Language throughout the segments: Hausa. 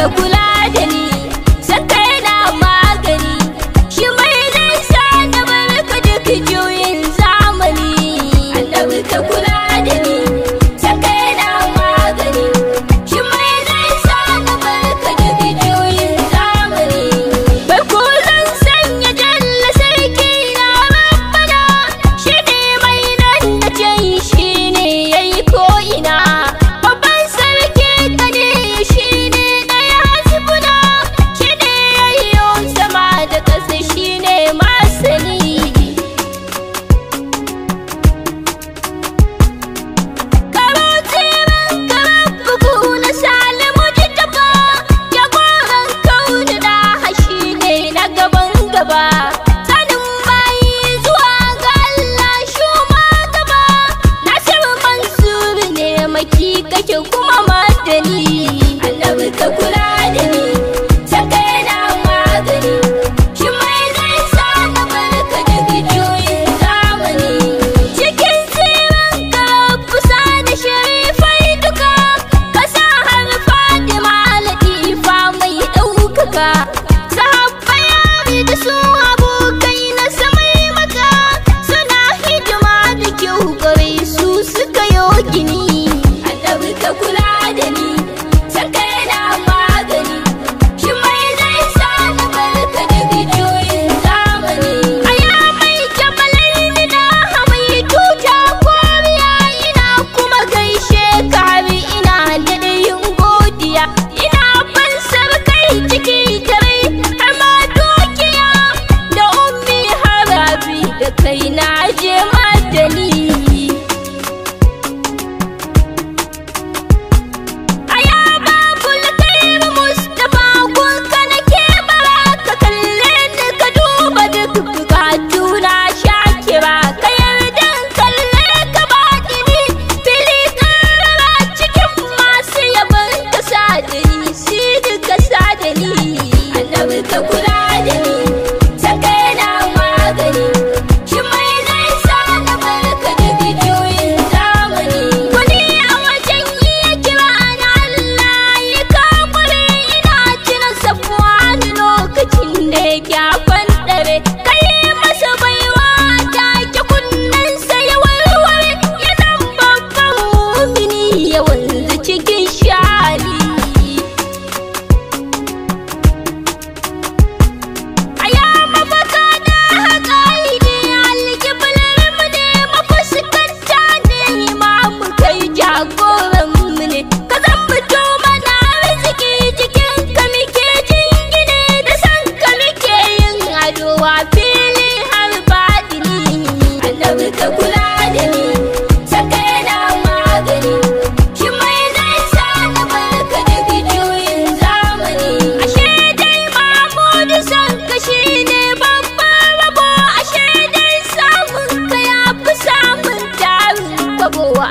kepulauan 有光。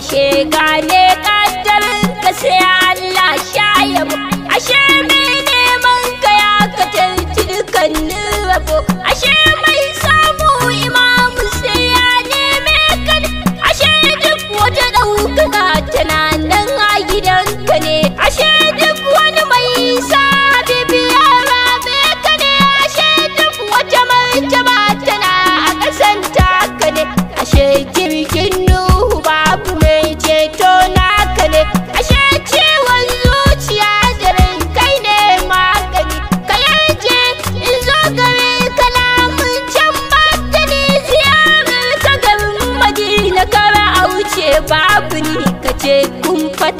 ashe gane kantar ka sai Allah shaye ashe mai neman ka ya ka tantu dukkanin rabo ashe mai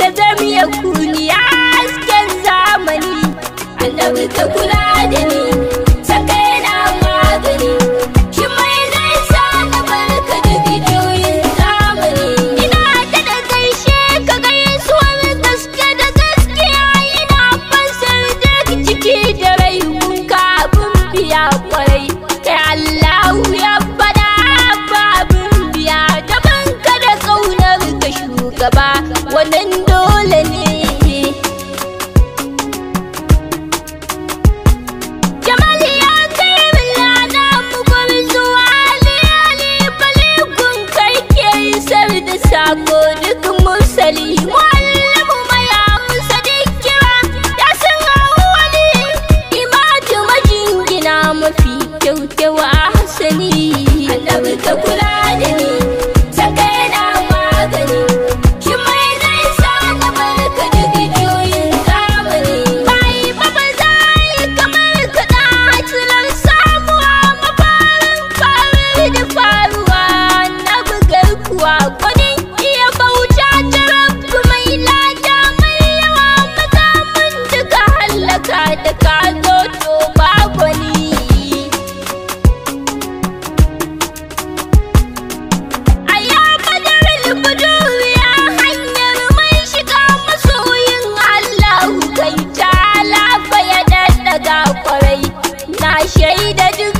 da zami ya cool. hasali annabi ka kula da kai da duk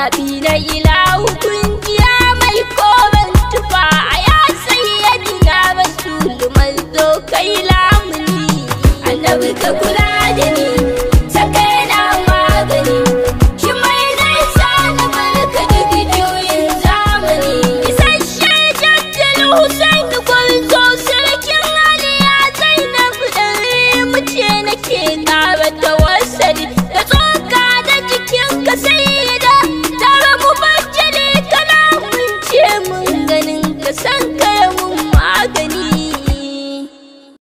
zaɓi na ilahu ƙungiya mai koren tufa a ya sayyadi na rasulman zo kai lamuni annabi ka kula da ni